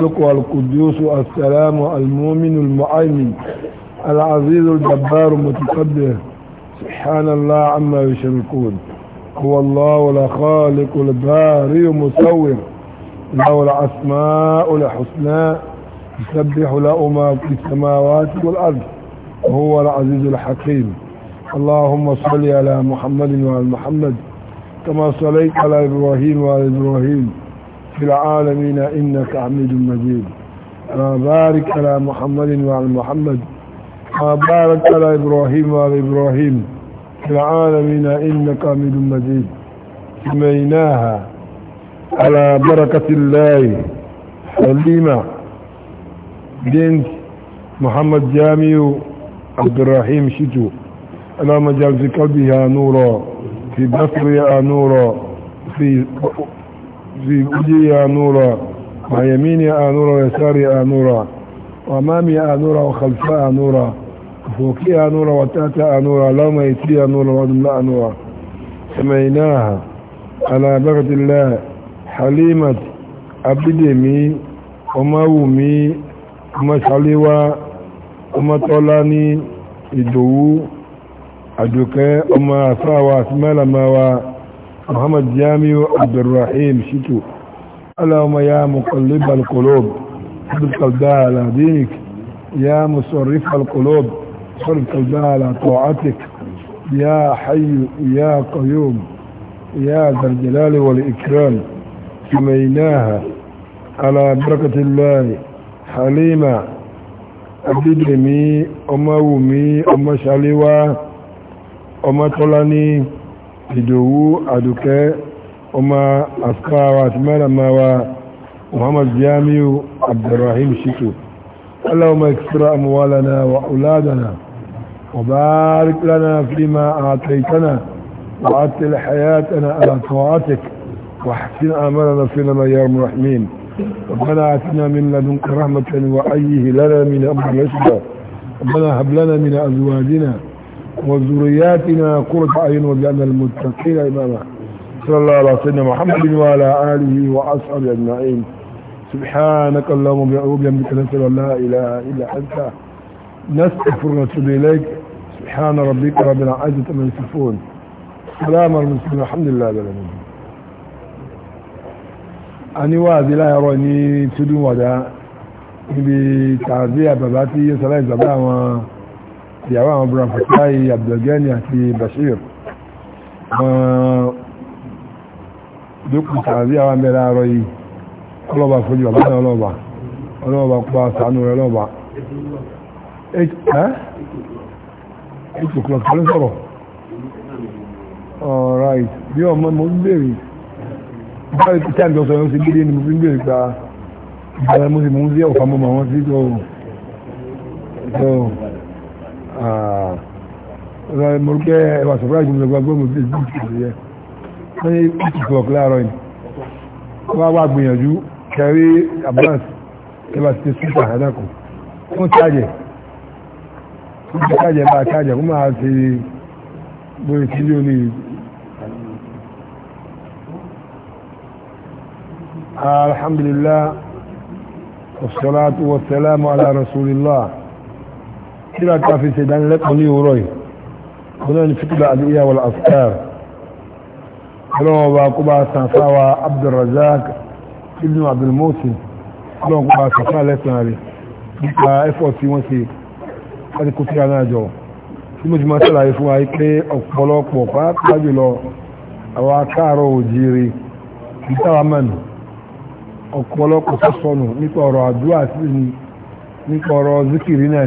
المطلق والقدوس السلام المؤمن المؤمن العزيز الجبار المتقدر سبحان الله عما يشركون هو الله الخالق الباري المصور له الأسماء الحسنى يسبح له ما في السماوات والأرض وهو العزيز الحكيم اللهم صل على محمد وعلى محمد كما صليت على إبراهيم وعلى إبراهيم في العالمين إنك عميد مجيد بارك على محمد وعلى محمد بارك على إبراهيم وعلى إبراهيم في العالمين إنك عميد مجيد سميناها على بركة الله سليمة بنت محمد جامي عبد الرحيم شتو اللهم اجعل في قلبها نورا في بصرها نورا في في وجهي نورا ويميني نورا ويساري نورا وامامي نورا وخلفها نورا وفوقها نورا وتاتها نورا لما يتيها نورا واملاء نورا سميناها على بغد الله حليمة أبدمي ومومي ومشاليوة ومطولاني ìdòwú àjòkẹ́ ọmọ àfáwà ما mẹ́lẹ̀mẹ́wàá محمد جامي عبد الرحيم شتو اللهم يا مقلب القلوب ثبت قلبها على دينك يا مصرف القلوب صرف قلبها على طاعتك يا حي يا قيوم يا ذا الجلال والإكرام سميناها على بركة الله حليمة اما أمومي أم شلوى أم طلني ìdòwú àdùkẹ́ ọmọ àfáwà àti محمد muhammad عبد الرحيم شكو اللهم اكسر أموالنا وأولادنا وبارك لنا فيما أعطيتنا وعطل حياتنا على طاعتك واحسن أمرنا فيما يا الرحمن ربنا آتنا من لدنك رحمة وأيه لنا من أمر رشدا ربنا هب لنا من أزواجنا وذرياتنا قرة عين وجعلنا المتقين إماما صلى الله على سيدنا محمد وعلى آله وأصحابه أجمعين سبحانك اللهم وبحمدك نسأل أن لا إله إلا أنت نستغفر ونتوب إليك سبحان ربك رب العزة من يصفون سلام المسلمين الحمد لله رب العالمين أني وادي لا يروني تدو ودا بتعزية tààzí سلام tí ìyàwó àwọn obìnrin fàtíláì abdulgani àti bashir wọn dókù sàárì àwọn mẹ́ra àárọ̀ yìí ọlọ́ba fojú bàbá náà ọlọ́ba ọlọ́ba pa sàánú rẹ̀ ọlọ́ba eight o'clock ló sọ̀rọ̀ alright bí ọmọ mo ń béèrè báyìí tí táìmù tó sọ̀rọ̀ sí gbélé ni mo fi ń béèrè gba ah, ìgbàlá mo sì mú sí Ah, eh, mo rú pé ẹwà sọ̀rọ̀ àjùmọ̀ lọ́gbà gbọ́mọ̀ bí i ti yẹ wọ́n yé ìtì fọ́ọ̀k láàárọ̀ yìí wọ́n wá gbìyànjú kẹrí abúlance ẹwà sí sísà àdákù wọ́n tàjẹ̀ wọ́n tàjẹ̀ bá tàjẹ̀ wọ́n máa ti bóyá tí ní oní alhamdulillah والصلاة والسلام على tíra ta fi ṣe ìdánilẹ́kọ̀ọ́ ní òwúrọ̀ yìí wọn náà ni fitila aliyah wal askar ọlọ́wọ́ bá kó bá san fáwa abdulrazak ibn abdulmohsen ọlọ́wọ́ kó bá san fáwa lẹ́sàn rẹ̀ nípa effort tí wọ́n ṣe láti kó tíra náà jọ tí mo ti máa ṣàlàyé fún wa pé ọ̀pọ̀lọpọ̀ pàápàá jùlọ àwọn akáàrọ̀ òjìire ìtawà mẹ́nu ọ̀pọ̀lọpọ̀ sọ́sọ́nù nípa ọ̀rọ̀ àdúrà sí ni nípa ọ̀rọ̀ zikiri náà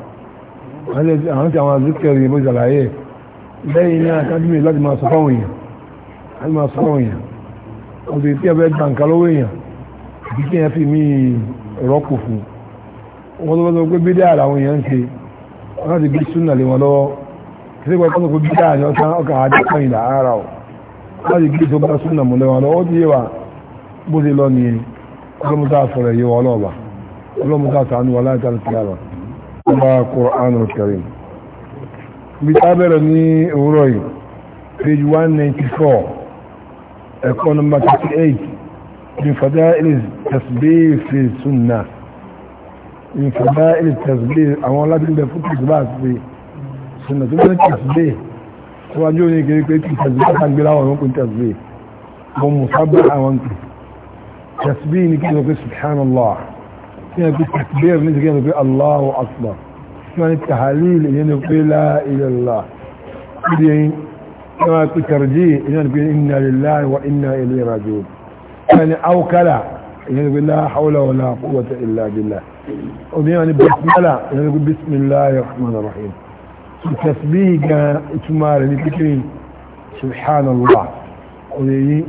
àwọn tí àwọn azúkẹ̀rì bó ṣàlàyé lẹ́yìn náà kájúmì láti máa sọ fáwọn èèyàn láti máa sọ fáwọn èèyàn ọ̀sẹ̀ tí a fẹ́ gbà nǹkan lọ́wọ́ èèyàn àti kí èèyàn fi mí rọ́pò fún wọn tó bá sọ pé bídà làwọn èèyàn ń ṣe wọn láti bí súnà lé wọn lọ́wọ́ kí sí pàtàkì pé bídà ni ọ̀sán ọkà àdékùn ìlà ara ọ̀ láti bí tó bá súnà mú lé wọn lọ́wọ́ ó ti yé wa bó ṣe lọ nìyẹn ọlọ́mọdé àfọ̀rẹ̀ yé wa ọlọ́ọ̀bà ọlọ́mọdé àtàánú wa láti àlùkìyà lọ هو قرآن الكريم بتابرني أوروي page 194 ẹ̀kọ́ nọmba 38 من فضائل التسبيح في السنة من فضائل التسبيح àwọn aládùn bẹ fún tìsbá sí sunna tó bẹ́ẹ̀ tìsbé tó wájú ní kiri pé tìsbé àgbéláwọ̀ wọn kò tìsbé wọn mú sábà àwọn tìsbé ní kí lọ pé subhanallah كان في التكبير بالنسبة كان في الله أكبر كان التحاليل إذن في لا إلى الله إذن كما في ترجيه إذن في إنا لله وإنا إليه راجعون كان أوكلا إذن في لا حول ولا قوة إلا بالله وبيعني بسملة إذن يقول بسم الله الرحمن الرحيم التسبيح اتمار لكريم سبحان الله ويعني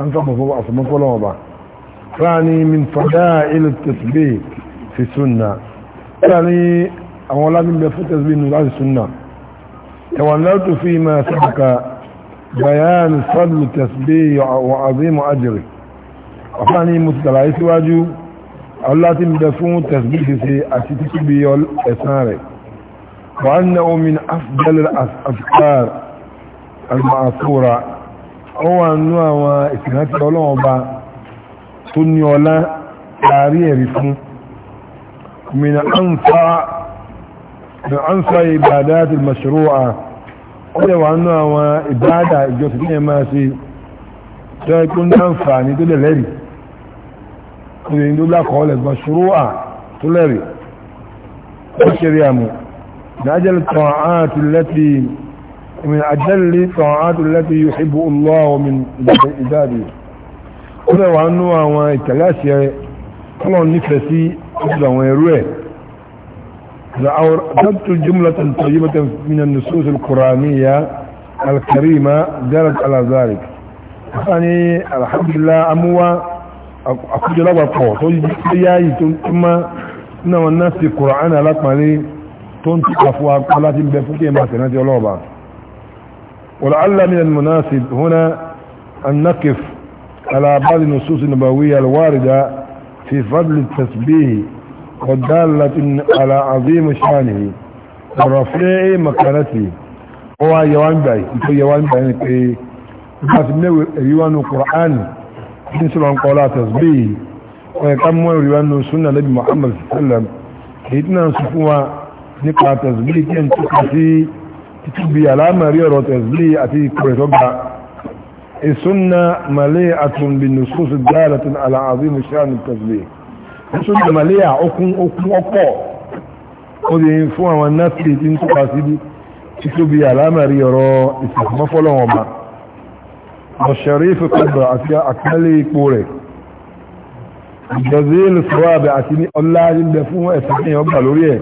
أنت مفهوم أصلا مفهوم الله ثاني من فضائل التسبيح في السنة ثاني أولا من بفت التسبيح من السنة تولوت فيما سبق بيان فضل التسبيح وعظيم أجره ثاني متلعيس واجو الله تنبفون التسبيح في أتتسبيح الإسارة وأنه من أفضل الأفكار المعصورة هو أنه هو إسنات الأولوبة tó ní ọlá ààrí ẹ̀rí fún min an fa ibadat al-mashru'a ó yẹ wà nínú àwọn ìbádà ìjọsìn ní ẹ̀má sí tó ẹkú ní àǹfààní tó lè lẹ́rì tó lè ní lákọọ́lẹ̀ mashru'a tó lẹ́rì ó ṣeré àmù lájẹ́lì ta'at allati min ajẹ́lì ta'at allati yuhibbu Allah min ibadihi ó lè wà nú àwọn ìtẹ̀lẹ́ àṣẹ ọlọ́run nífẹ̀ẹ́ sí ọdún àwọn ẹrú ẹ̀ ضبط جملة طيبة من النصوص القرآنية الكريمة دارت على ذلك يعني الحمد لله أموى أقول لك القوة تجي ثم إنما الناس في القرآن لك مالي تنطق أفواق ولا تنبه فكي ما سنتي ولعل من المناسب هنا أن نقف على بعض النصوص النبوية الواردة في فضل التسبيح والدالة على عظيم شانه ورفيع مكانته هو يوان باي يقول يوان باي بس نوي يوان القرآن ينسل عن قولات تسبيح ويكمل يوان سنة نبي محمد صلى الله عليه وسلم ìtìnà sùfúnwa nípa tẹ̀sìlì kí ẹn tó kà sí títúbi alámàrí ọ̀rọ̀ السنة مليئة بالنصوص الدالة على عظيم شأن التسبيح السنة مليئة أكون أكون أكو. ودي فوا والناس اللي تنتقى سيدي تكتبي على مريرو استخدام فلوما والشريف قدر أسياء أكملي كوري جزيل الثواب أتني الله جل فوه أسحيه وبالوريه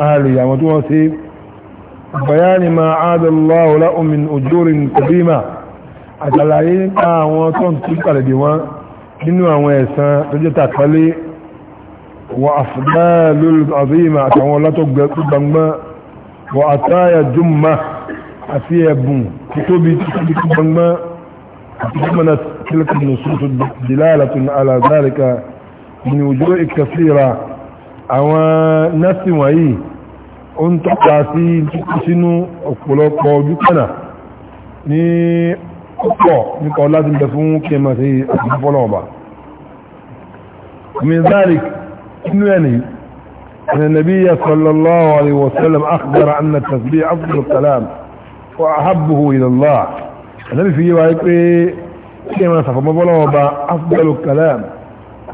أهلي يا متوسي بيان ما عاد الله لهم من أجور كريمة àjàlàyé nípa àwọn tó ń tún pàdé wọn nínú àwọn ẹ̀sán tó jẹ́ tàkọ́lé wọ àfidálul azima àtàwọn ọlọ́tọ̀ gbangban wọ àtàyà jùmma àti ẹ̀bùn títóbi títóbi gbangban àti jùmọ̀nà tilka nasi wọ̀nyí ó ń tọ́ka sí sínú ọ̀pọ̀lọpọ̀ ojú kànà ní púpọ̀ nípa láti bẹ fún kí ma ṣe àdúgbọ́lọ̀ ọba mizalik inú ẹni ẹni nàbí ya sallallahu alaihi wasallam akhdara anna tasbih afdal kalam wa ahabbuhu ila Allah anabi fi yíwa pé kí ma sàfọmọ́bọ́lọ̀ ọba afdal kalam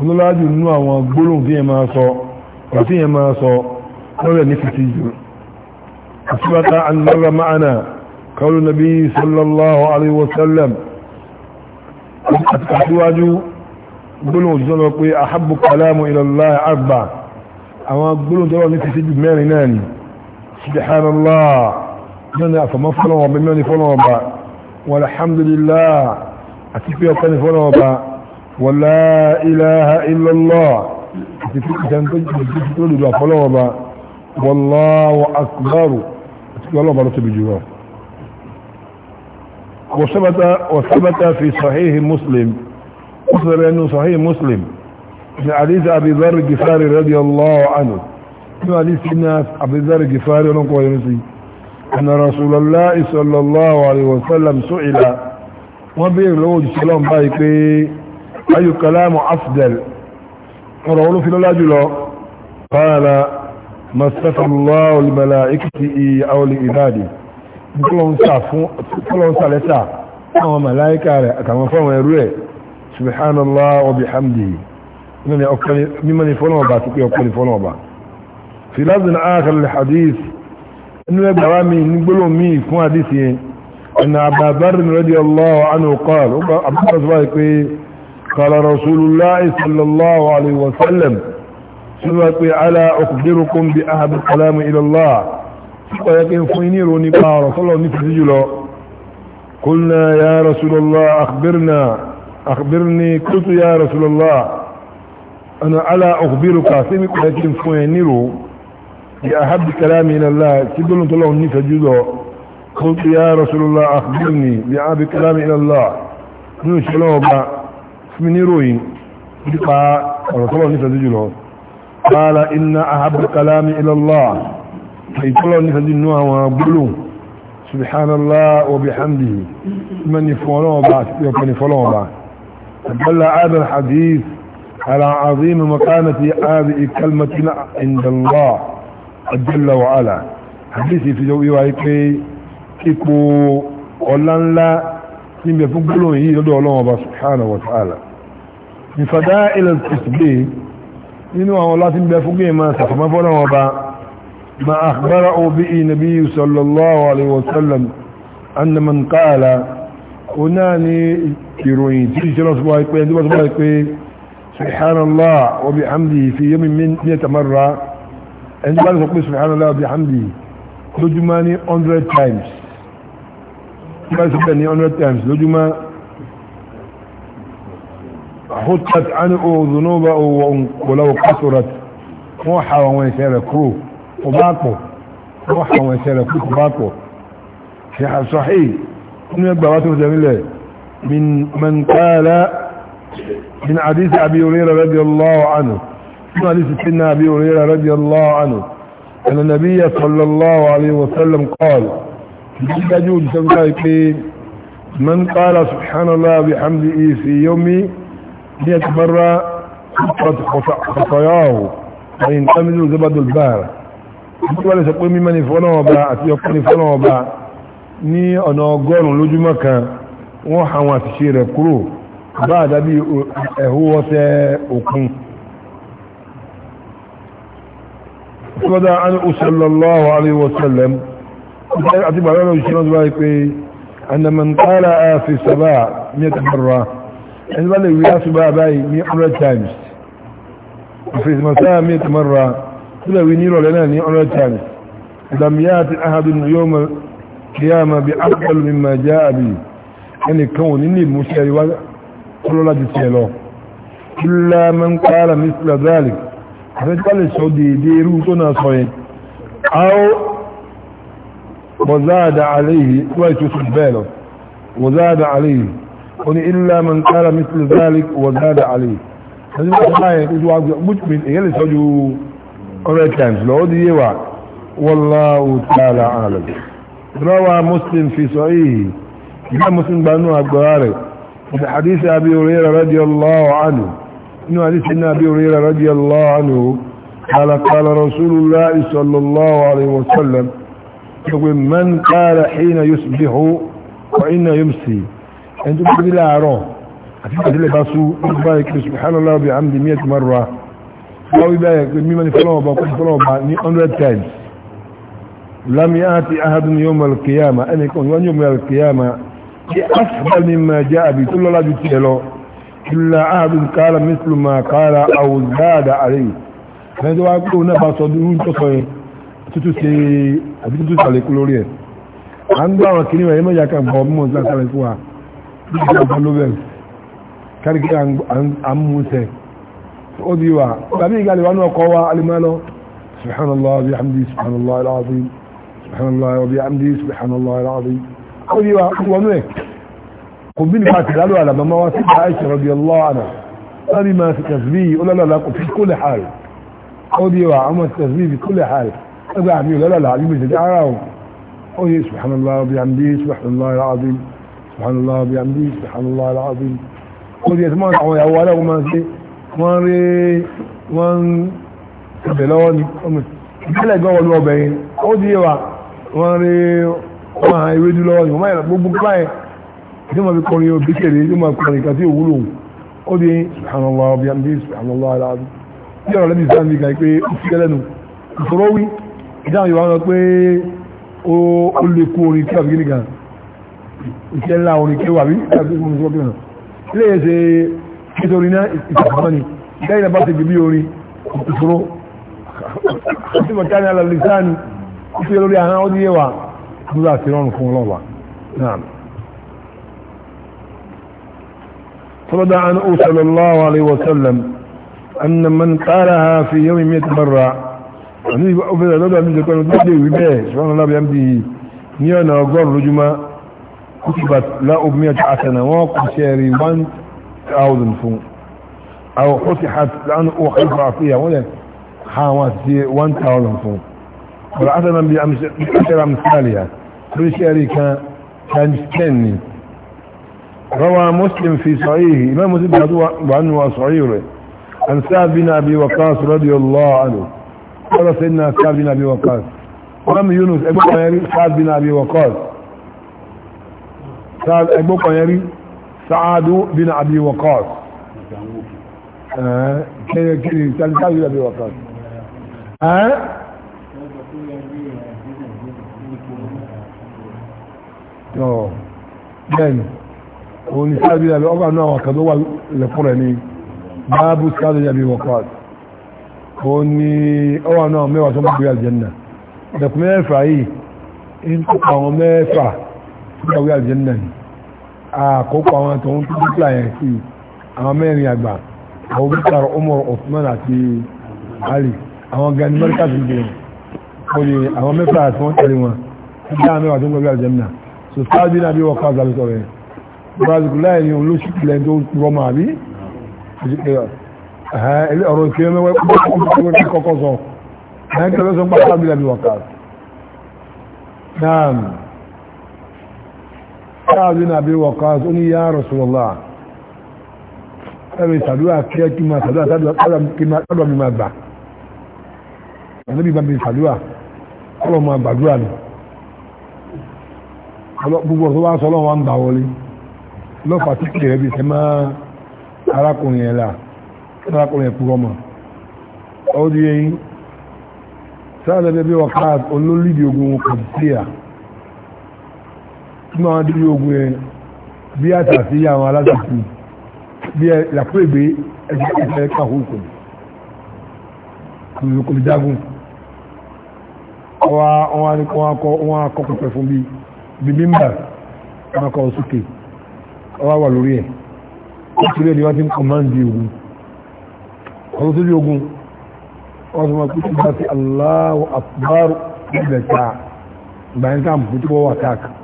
olólájú nínú àwọn máa sọ قول النبي صلى الله عليه وسلم أتحواجوا قلوا جزنوا أحب كلام إلى الله أربع أما قلوا دوا نتسجد مالي ناني سبحان الله جنة فما فلوا فلو فلوا والحمد لله أتفيا كان فلوا ولا إله إلا الله أتفيا كان فلوا والله أكبر أتفيا الله بلطة بجوار وثبت وثبت في صحيح مسلم أخبر أنه صحيح مسلم في حديث أبي ذر جفاري رضي الله عنه في حديث سيدنا أبي ذر جفاري ونقوى ينسي أن رسول الله صلى الله عليه وسلم سئل وبير له السلام بايكي أي كلام أفضل ورغل في الله قال ما استفى الله الملائكة أو لعباده kọlọ́nsà lẹ́tà àwọn màláíkà rẹ̀ àtàwọn fọ́wọ̀n ẹrú ẹ̀ subhanallah wa bihamdihi mímọ̀ ni fọ́nà الله àti pé ọkọ̀ ni fọ́nà ọba fi lázìn áàkà lè hadith inú ẹgbà wá mi ní gbóló mi fún hadith yẹn ẹ̀nà àbàbárin radiyallahu anhu qala àbúkọ̀ sọ́wọ́ yìí pé qala rasulullah sallallahu alaihi wasallam sọ́wọ́ pé ala ukhbirukum bi ahab kalam ilallah ولكن قلنا يا رسول الله أخبرنا أخبرني قلت يا رسول الله أنا على أخبرك سيمك ولكن فينيرو بأحب كلام إلى الله سيبلون طلعوا نفسي جلو قلت يا رسول الله أخبرني بأحب كلام إلى الله نوش الله با اسمني روي بقى رسول الله نفسي جلو قال إن أحب الكلام إلى الله ìtọ́lọ̀ ní ṣe nínú àwọn gbólóhùn subhanallah wa bihamdihi man ni fọ́lọ́wọ́ bá àti ọkọ̀ ni fọ́lọ́wọ́ bá àbẹ́lá adam hadith على عظيم مكانة هذه كلمة عند الله جل وعلا حديثي في جوئي وعيكي كيكو قولان لا سيمي فقلون هي يدو الله سبحانه وتعالى من فدائل التسبيح إنه الله سيمي فقلون ما سفما فقلون وبا ما أخبره به نبي صلى الله عليه وسلم أن من قال أناني كيروين سبحان الله وبحمده في يوم من مئة مرة عندما تقول سبحان الله وبحمده لجماني 100 times بسبني 100 times لجما حطت عنه ذنوبه ولو قصرت موحى ومن سيركوه kò bá pọ̀ wọ́n àwọn ẹ̀ṣẹ̀ rẹ̀ kò bá pọ̀ ṣe àṣọ́hì من قال من حديث أبي هريرة رضي الله عنه من حديث سيدنا أبي هريرة رضي الله عنه أن النبي صلى الله عليه وسلم قال يجوز من قال سبحان الله بحمده في يومي ليتبرى خطاياه وينتمد زبد البارة wọ́n lè sọ pé mímọ́ ní fọ́nà ọba àti ọkọ́ ní fọ́nà ọba ní ọ̀nà ọgọ́rùn-ún lójúmọ́ kan wọ́n àwọn àṣìṣe rẹ̀ kúrò bá àdábí ẹ̀hú ọsẹ òkun sọ́dá an sallallahu alaihi wasallam àti bàbá rẹ̀ òṣìṣẹ́ lọ́dún báyìí pé anamantara fi saba ní ẹ̀tàbára ẹni bá lè wí lásùbá báyìí كل وينيرو لنا ني اولو تاني لم ياتي احد يوم القيامه بافضل مما جاء به يعني كون ني مشاري كل لا تسيلو الا من قال مثل ذلك فقال السعودي ديرو تونا صوين او وزاد عليه ويتسد باله وزاد عليه قل الا من قال مثل ذلك وزاد عليه هذه الآية يجوا مجمل إيه اللي سجوا hundred times lọ ó di yé wa wallahu ta'ala alam rawa muslim fi sahihi ìgbà muslim gbanú agbára rẹ̀ ìdí hadith abi hurairah radiyallahu anhu inú hadith iná abi hurairah radiyallahu anhu قال قال رسول الله صلى الله عليه وسلم يقول wọ́n wí bẹ́ẹ̀ pé mímọ́ ní fọ́lọ́wọ́ bá kún fọ́lọ́wọ́ bá ní 100 times lámì àti ahadun yóò mọ̀ kìyàmà ẹni kan wọ́n yóò mọ̀ kìyàmà kí asùgbà ní ma jẹ́ àbí tó lọ́la ju tiẹ̀ lọ ìlà ahadun kára mísìlù ma kára àwùzáàdà àrẹ ẹni tó wá pé òun náà bá sọ dúró tó sọ yẹn tútù ṣe àbí tútù ṣàlẹ̀ kú lórí ẹ̀ à ń gbọ́ àwọn kìnìún rẹ̀ mọ́jà kan bọ̀ mọ́ sí àṣàlẹ̀ fún wa bí ìjọba lóbẹ̀ kárí kí à ń وديوا النبي قال وانا قوا علمانه سبحان الله وبحمده سبحان الله العظيم سبحان الله وبحمده سبحان الله العظيم وديوا وانا قم بني فات قالوا على ما واسد عائشة رضي الله عنها قال ما تسبيح ولا لا لا في كل حال وديوا عم التذبيب في كل حال ابا عمي لا لا لا عمي مثل دعاهم وهي سبحان الله وبحمده سبحان الله العظيم سبحان الله وبحمده سبحان الله العظيم وديت ما تعوي اولا وما زي wọ́n rí wọ́n ẹ̀bẹ̀ lọ́wọ́ ni ìpínlẹ̀ gan wọlé ọbẹ̀ yẹn ó di wa wọ́n rí wọ́n àwọn ewédú lọ́wọ́ ni wọ́n máa yẹn gbogbo báyẹn tí wọ́n fi kọrin òbí kèrè tí wọ́n kọrin ìkà tí ò wúlò ó di subhanallah ọbẹ̀ àmì subhanallah aláàbí tí ọ̀rọ̀ lẹ́bi sáà ń bí kan pé ó fi kẹ́lẹ́nu ìṣòro wí ìdáhùn yorùbá wọn pé ó lè kú orin kí àbíkí nìkan ìṣẹ́ ńlá orin kí wà bí ilé yẹn ṣe nítorí náà ìtàkùnmọ́ni lẹ́yìn bá ti gbìbí orin ìṣòro àti mọ̀kání alàlìsáàni ó fi lórí àwọn ọdún yẹwà lórí àti rọrùn fún ọlọ́wà náà عنه صلى الله عليه وسلم أن من قالها في يوم مئة مرة أن يبقى لدى من ذلك أنه تبدي وبيه سبحان الله بيمده نيانا وقال رجما كتبت لا أبمية عسنة وقل شهري thousand فون. àwọn òsì àtìlánà ó haifa àfihàn wọ́n yẹ àwọn àti فون. thousand fún ọ̀rọ̀ àtàlá bí àṣẹ́ra mùsàlìyà lórí ṣẹ́rí روى مسلم في صحيحه امام مسلم عنه وصحيحه عن سعد بن ابي وقاص رضي الله عنه قال سيدنا سعد بن ابي وقاص قام يونس ابو قيري سعد بن ابي وقاص سعد ابو قيري سعد بن أبي وقاص كده كده سعد بن أبي وقاص ها اه يعني ونسال بن أبي وقاص أنه وكذوه لفرني باب سعد بن أبي وقاص وني ọwà náà ما tó gbogbo aljanna ẹ̀kùn mẹ́fà yìí in tó àwọn mẹ́fà tó gbogbo àkókò àwọn tó ń tún kíkà yẹn sí àwọn mẹ́rin àgbà àwọn bukar umar osman àti ali àwọn gani mẹ́ríkà tó ń bẹ̀rẹ̀ wọn ni àwọn mẹ́fà àti wọ́n tẹ̀lé wọn ní dáa mẹ́wàá tó ń gbẹ̀gbẹ̀ àjẹmìnà so sáájú náà bí wọ́n kọ́ àgbà lọ́sọ̀rọ̀ yẹn brazil láì ní olóṣù tilẹ̀ tó rọ́ màá bí ọ̀rọ̀ ìṣẹ́ mẹ́wàá kọ́kọ́ sọ náà sáàbí náà bí wọ̀kọ́ tó ní yá rọ̀sùlọ́lá ẹ̀rọ ìsàdúrà kí ẹ kí máa sàdúrà sádọ̀ mi máa gbà ẹ̀lẹ́bí bá mi sàdúrà ọlọ́ máa gbàdúrà ni gbogbo ọ̀tọ́ wá sọ́lọ́ wọn gbà wọlé lọ́fà tí kìrẹ́ bí sẹ́ máa arákùnrin ẹ̀là nínú àwọn adúlé ogun yẹn bí àtàtì àwọn alásàtì bí ẹ làpọ̀ ègbé ẹgbẹ́ ìfẹ́ káwọn kò ní kò ní dágùn wọ́n akọ́ pẹ̀pẹ̀ fún bí bí mímbà wọ́n akọ́ sókè wọ́n wà lórí ẹ̀ nítorí ẹni wọ́n ti ń kọmáǹdì ogun ọdún tó rí ogun wọ́n tó máa kú sí bá sí Allahu Akbar ìbẹ̀ta ìgbà ń ká mú tó wọ́wà káàkiri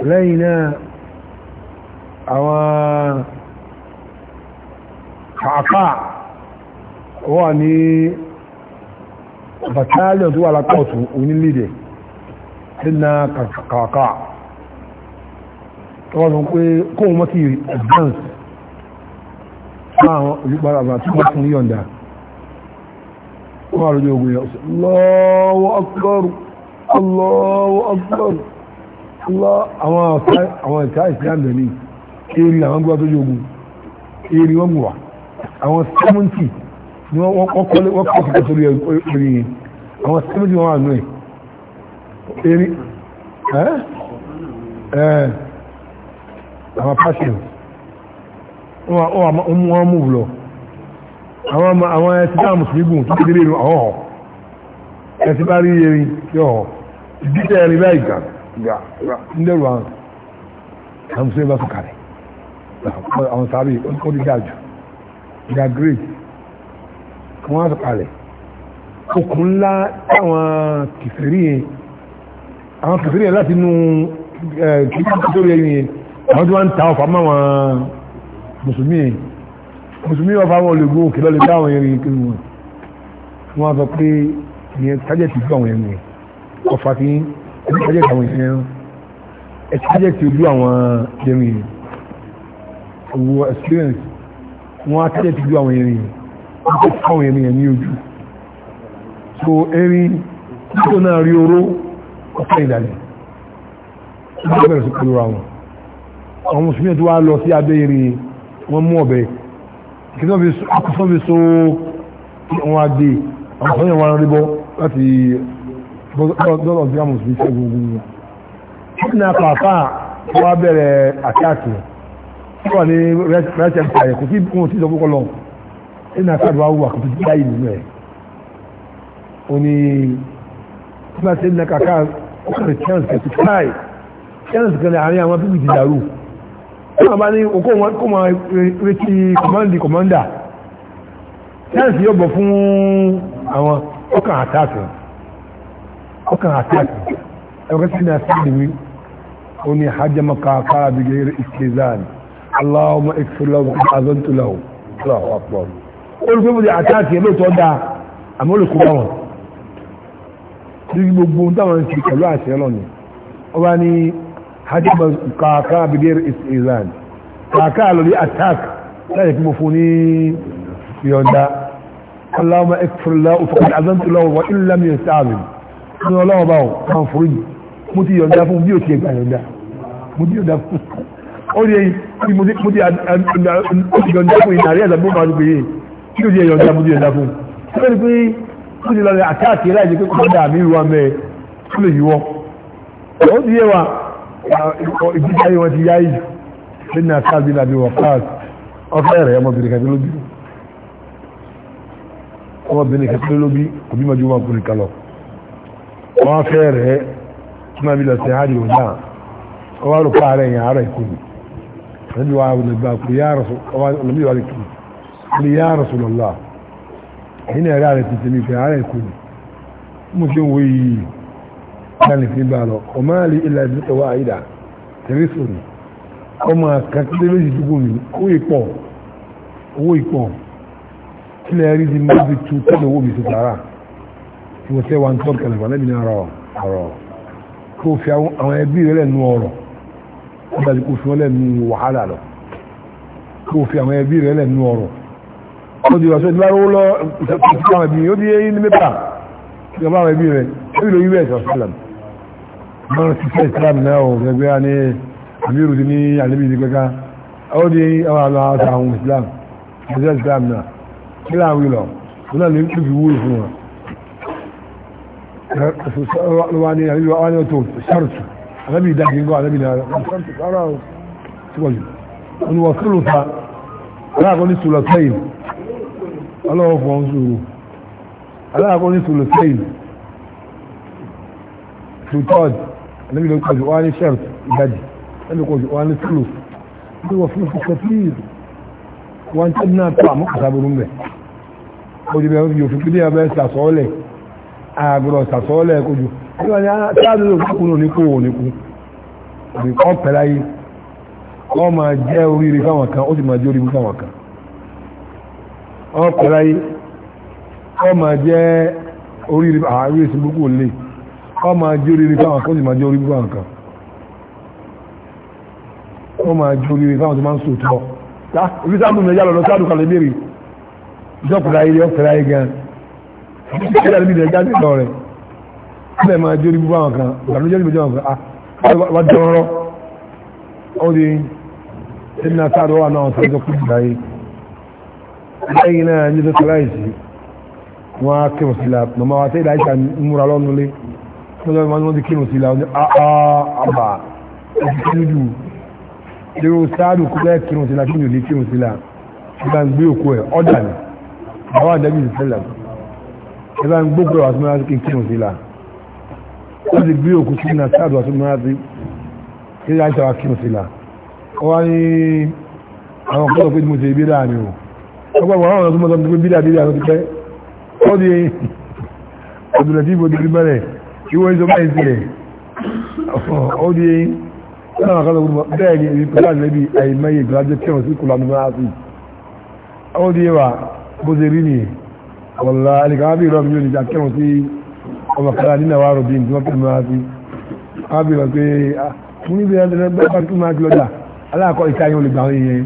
lẹ́yìn náà àwọn àpá wà ní battalion tó wà lápọ̀tù onílìdẹ̀ dínà kàkà wọ́n pé advance láàrín olùgbàrà àti mọ́kùn yọ̀nda wọ́n àrójọ ogun yọ̀ Allahu akbar Allahu lọ àwọn ẹ̀ka islam bẹ̀ni eri àwọn eri wà àwọn 70 ni wọ́n ẹ̀rí yẹn àwọn wà eri ẹ̀ àwọn passion mú wọn mú àwọn ẹ̀sìn náà mùsùlùmí gùn tó kéde ẹ̀sìn bá rí ìdíjẹ́ ẹ̀rí ndẹ́rù àwọn àwọn musulmi bá sọ̀kalẹ̀ àwọn sàbí ó ti dájú ìdá great kí wọ́n sọ̀kalẹ̀ okùn ńlá àwọn kìfèrí yẹn àwọn kìfèrí yẹn láti inú e, kìfèrí tó rí ẹyìn yẹn àwọn tí wọ́n ń ta ọ̀fà mọ́ àwọn musulmi yẹn musulmi ọ̀fà wọn lè gún òkè lọ́lẹ̀ dáwọn yẹn rí kí wọ́n sọ pé ìyẹn sájẹ̀ ti àwọn yẹn ọ̀fà ti ẹbí project àwọn ìṣẹ́ ẹ̀rọ ẹ̀sì project ojú àwọn ẹ̀rìn yìí owó experience wọ́n á project ojú àwọn ẹ̀rìn yìí wọ́n tó fún àwọn ẹ̀rìn yẹn ní ojú so ẹ̀rìn tó náà rí oró ọ̀pẹ́ ìdàlẹ̀ wọ́n bẹ̀rẹ̀ sí pẹ̀lú àwọn àwọn mùsùlùmí tó wá lọ sí abẹ́ ìrìn wọ́n mú ọ̀bẹ kí wọ́n fi so wọ́n á dé àwọn sọ́yìn wọn rí bọ́ láti dọ́lọ̀ gramus bí ṣẹ́gun ogun ni ṣíkìnà pàpà wá bẹ̀rẹ̀ àtàkì tí wà ní rẹ́sẹ̀ ṣàyẹ̀ kò tí wọ́n ti sọ́kọ́ lọ ṣíkìnà káàdì wá wà kò tí dá ìlú rẹ̀ o ní ṣíkìnà ṣe ní kàkà ó kàrì chance kẹ̀tù káì chance kẹ̀lẹ̀ àárín àwọn bíbí ìdìdàrú wọ́n bá ní okó wọn kó máa retí kọ̀mọ́ndì kọ̀mọ́ndà chance yóò bọ̀ fún àwọn ọkàn àtàkì ọkàn àtàkì ẹgbẹ́ sí náà sí ìdíwí ó ní hajjama kàkàrà bí gẹ́rẹ́ ìkẹzàn aláwọ̀mọ́ ìfẹ́lọ́wọ́ azọ́ntúlọ́wọ́ lọ́wọ́ pọ̀ olùgbé àtàkì lóòtọ́ dá àmọ́lùkúbọ̀wọ̀n ní gbogbo táwọn ti pẹ̀lú àṣẹ lọ́nà ó bá ní hajjama kàkàrà bí gẹ́rẹ́ ìkẹzàn kàkàrà lórí àtàkì láyé kí mo fún ní yọ̀ǹda aláwọ̀mọ́ ìfẹ́lọ́wọ́ azọ́ntúlọ́wọ́ wà ìlàmì ìsáàmì ní ọlọ́wọ́ bá wọn fún yìí mo ti yọ̀ǹda fún bí o ti ẹgbà yọ̀ǹda mo ti yọ̀ǹda fún ó rí ẹyìn mo ti yọ̀ǹda fún ìnàrí ẹ̀dà bí ó máa gbé yìí kí o ti yọ̀ǹda mo ti yọ̀ǹda fún ó rí pé ó ti lọlẹ̀ àkáàkì láìsí pé kọ́ńdà mi rú amẹ́ ó lè yíwọ́ ó ti yẹ wa ìdíjà yìí wọ́n ti yá yìí lẹ́yìn náà sáà bí nàbí wọ́n fáàs ọ̀fẹ́ ọmọbìnrin kàtí lóbi ọmọbìnrin kàtí lóbi òbí mọ́jú wọn kúrì kalọ̀ wọ́n fẹ́ rẹ̀ tí máa bí lọ sí hajj ò dáa wọ́n wá lọ pa ara ẹ̀yìn ara ìkú ni ẹni wàá wọlé bá kú yá rasu ọlọ́mí wà lè kú ní yá rasu lọ́la ẹ̀yìn ẹ̀rẹ́ ara ti tẹ̀lé ìfẹ́ ara ìkú ni mo ṣe ń wo yìí ká lè fi bá tí wọ́n sẹ́ wọn tọ́ kẹlẹ̀ fún ẹ̀mí ara ọ̀rọ̀ kó fi àwọn ẹbí rẹ̀ lẹ́nu ọ̀rọ̀ ó dàbí kó fi wọn lẹ́nu wàhálà lọ kó fi àwọn ẹbí rẹ̀ lẹ́nu ọ̀rọ̀ ó di ọ̀sẹ̀ ìdíláró lọ ìṣàkóso àwọn ẹbí ó di eyín ní mẹ́ta ìjọba àwọn ẹbí rẹ̀ ẹbí ló yíwẹ̀ ẹ̀sọ̀ sálàm mọ́n ti àwọn àlọ́ àwọn islam lọ wani àríwá wani wato shartu alábi ìdájí gọ́ alábi ìdájí shartu kára síwájú wọn wọ́n sílù ta aláàkọ́ ní sùlọ sẹ́yìn ọlọ́wọ́ fọ́ ń sùúrù aláàkọ́ ní sùlọ sẹ́yìn sùtọ́d alábi ìdájí kọjú wani shartu ìdájí alábi kọjú wani sílù ní wọ́n fún fún kẹfìr wọ́n tẹ́ náà tó àmọ́ kọ̀sáburú mẹ́ àgbọ̀rọ̀ sàtọ́ọ́lẹ̀ kojú wọ́n máa jẹ́ oríire fáwọn kan ó sì máa jẹ́ oríire fáwọn kan wọ́n pẹ̀láyé wọ́n máa jẹ́ oríire ààrẹ sí gbogbo lè wọ́n máa jẹ́ oríire fáwọn kan ó sì máa jẹ́ oríire fáwọn kan wọ́n máa jẹ́ oríire fáwọn tó máa ń sòtọ́ orí sáàmù mẹ́já lọ́dọ́ sáàdù kalẹ̀ bèèrè ìjọpẹ̀láyé gan ìjọba níbi ìdẹ̀já sí ìtọ̀ rẹ̀ ilẹ̀ máa jó ní gbogbo àwọn kan ìgbàlódé níbi ìjọba kan ah, wà dọ̀rọ̀ ó di ìdínà sáré wà náà sọ́jọ́ kú ìdáyé lẹ́yìn náà ní tó sọ́lá ìsì wọ́n á kírun sílá màmá wa tẹ́lá ìsà múra lọ́nulé lọ́jọ́ ìwọ́n wọ́n ti kírun sílá wọ́n ni ah, ah, àbà ìdíjú lérò sáàdù kúlẹ̀ kírun sílá kí ni ò ní kírun sílá ìgbà ń gbé òkú ẹ̀ ọ́dà ni àwọn àdẹ́bí ìsẹ́lẹ̀ ẹ bá ń gbókòrò àti mọ́ra sí kékeré òsì là wọ́n ti gbé òkú sínú àtàdù àti mọ́ra sí kékeré àti àwọn kékeré òsì là wọ́n ní àwọn kọ́tọ̀ pé mo ṣe ibi dáa ni o wọ́n gbàgbọ́ àwọn ọ̀nà tó mọ́ sọ pé bídà bídà ló ti pẹ́ wọ́n di ọ̀dùnlẹ̀ tí ibo ti rí mẹ́rẹ̀ ìwọ ìṣọ́ báyìí ó di ọ̀nà ni ìpínlẹ̀ àlẹ́bí àìmọye ìgbàlájẹ́ kẹrùn sí kùlà ní mọ́ra sí wọ́lá ẹnìkan wá bí ìrọ̀ mi ò ní jà kírun sí ọmọ kára nínú àwọn arọ̀bí ní wọ́n kírun máa fi wá bí ìrọ̀ pé mú níbi ẹ̀rọ bá kí máa kí lọ́jà aláàkọ́ ìta yẹn ò lè gbà wọ́n yẹn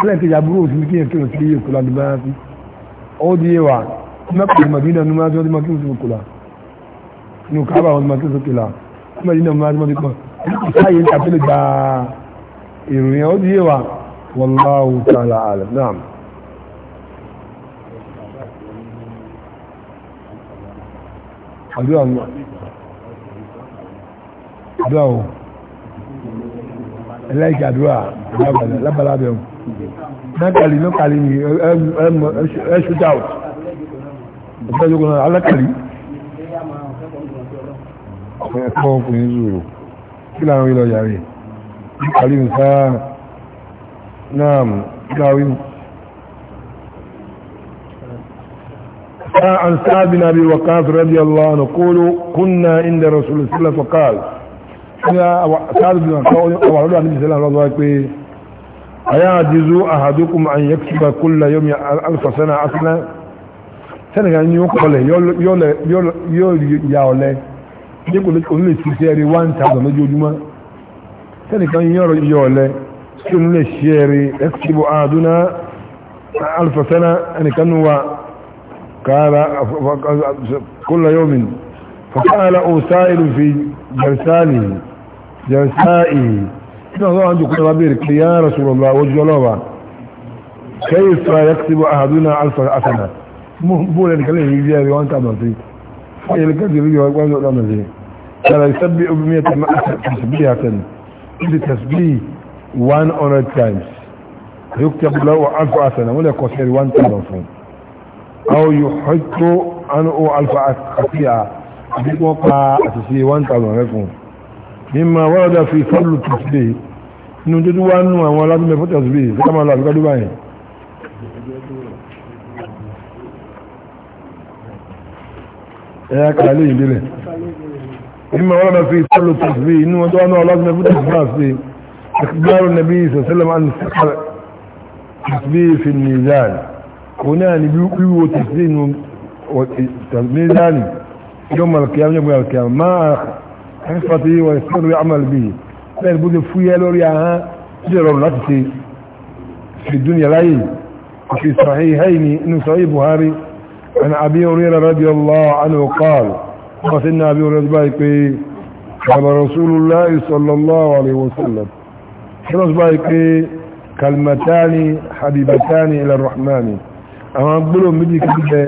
alẹ́ ìkejì àbúrò òsì ní kíyàn kírun sí òkúlá ní bá fi ó di wọ́n kírun sí òkúlá àdúrà lọ àdúrà o ẹlẹ́yìn àdúrà lábalábẹ́ o nákàlí nákàlí ni ẹ ṣú dáwọ̀ ọ̀pẹ́ ìjókòó náà alákàlí ẹ̀kọ́ ọkùnrin zùrù kí láàrin lọ yàrí nípa rí nǹkan náà kí láàrin عن سعد بن ابي وقاص رضي الله عنه قولوا كنا عند رسول الله صلى الله عليه وسلم فقال سعد بن وقاص النبي صلى الله عنه وسلم أيعجز أحدكم أن يكسب كل يوم ألف سنة أصلا sẹ́nì kan ní ó kọlẹ̀ yóò ya ọ̀lẹ́ ní kò ní lè ṣiṣẹ́ rí one thousand lójoojúmọ́ sẹ́nì kan yóò ya ọ̀lẹ́ tí ó ní lè ṣiṣẹ́ rí ẹ̀kṣibọ̀ àdúná alfasana ẹnìkan nù wa قال كل يوم فقال أسائل في جلسانه جلسائه إن الله عنده كل ربيرك يا رسول الله وجه الله كيف يكتب أحدنا ألف أسنة مهبولا كليه يجيبي وانت أمسي فإن كذب يجيبي وانت أمسي قال يسبح بمية تسبيحة تسبيح 100 times يكتب له ألف أسنة ولا يكسر 1000 أو يحج عنه ألف أسيئة بقى أسيئة وانت عليكم مما ورد في فضل التسبيح إنه جدوا أنه ولا دم يفوت تسبيح كما لا تقدوا باين يا كالي بلي مما ورد في فضل التسبيح إنه جدوا أنه ولا دم يفوت تسبيح إخبار النبي صلى الله عليه وسلم عن سحر التسبيح في الميزان òun náà ni wíwo tẹ̀sí nù tẹ̀síláàni yóò mọ̀ kí àwọn ẹgbẹ̀rún kí àwọn máa ẹ̀fàtí wọ́n ìfẹ́lú àmàlù bí bẹ́ẹ̀ bó ti fúyẹ́ lórí ahán tí rọrùn láti ṣe fi dúnìyà láyé في صحيحين من صحيح بخاري عن ابي هريره رضي الله عنه قال قلنا ابي هريره بايكي قال رسول الله صلى الله عليه وسلم خلاص بايكي كلمتان حبيبتان الى الرحمن àwọn gbólóhùn méjì kí bẹ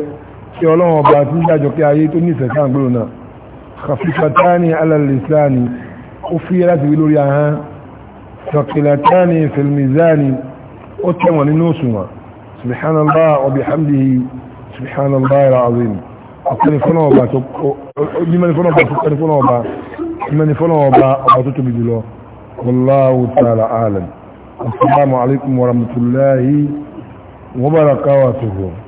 kí ọlọ́run ọba tí dájọ́ kí ayé tó nífẹ̀ẹ́ sáà gbólóhùn náà khafifatani ala lisani ó fi láti wí lórí ahán saqilatani fil mizani ó tẹ̀wọ̀n nínú òṣùwọ̀n subhanallah wa bihamdihi subhanallah alazim وبركاته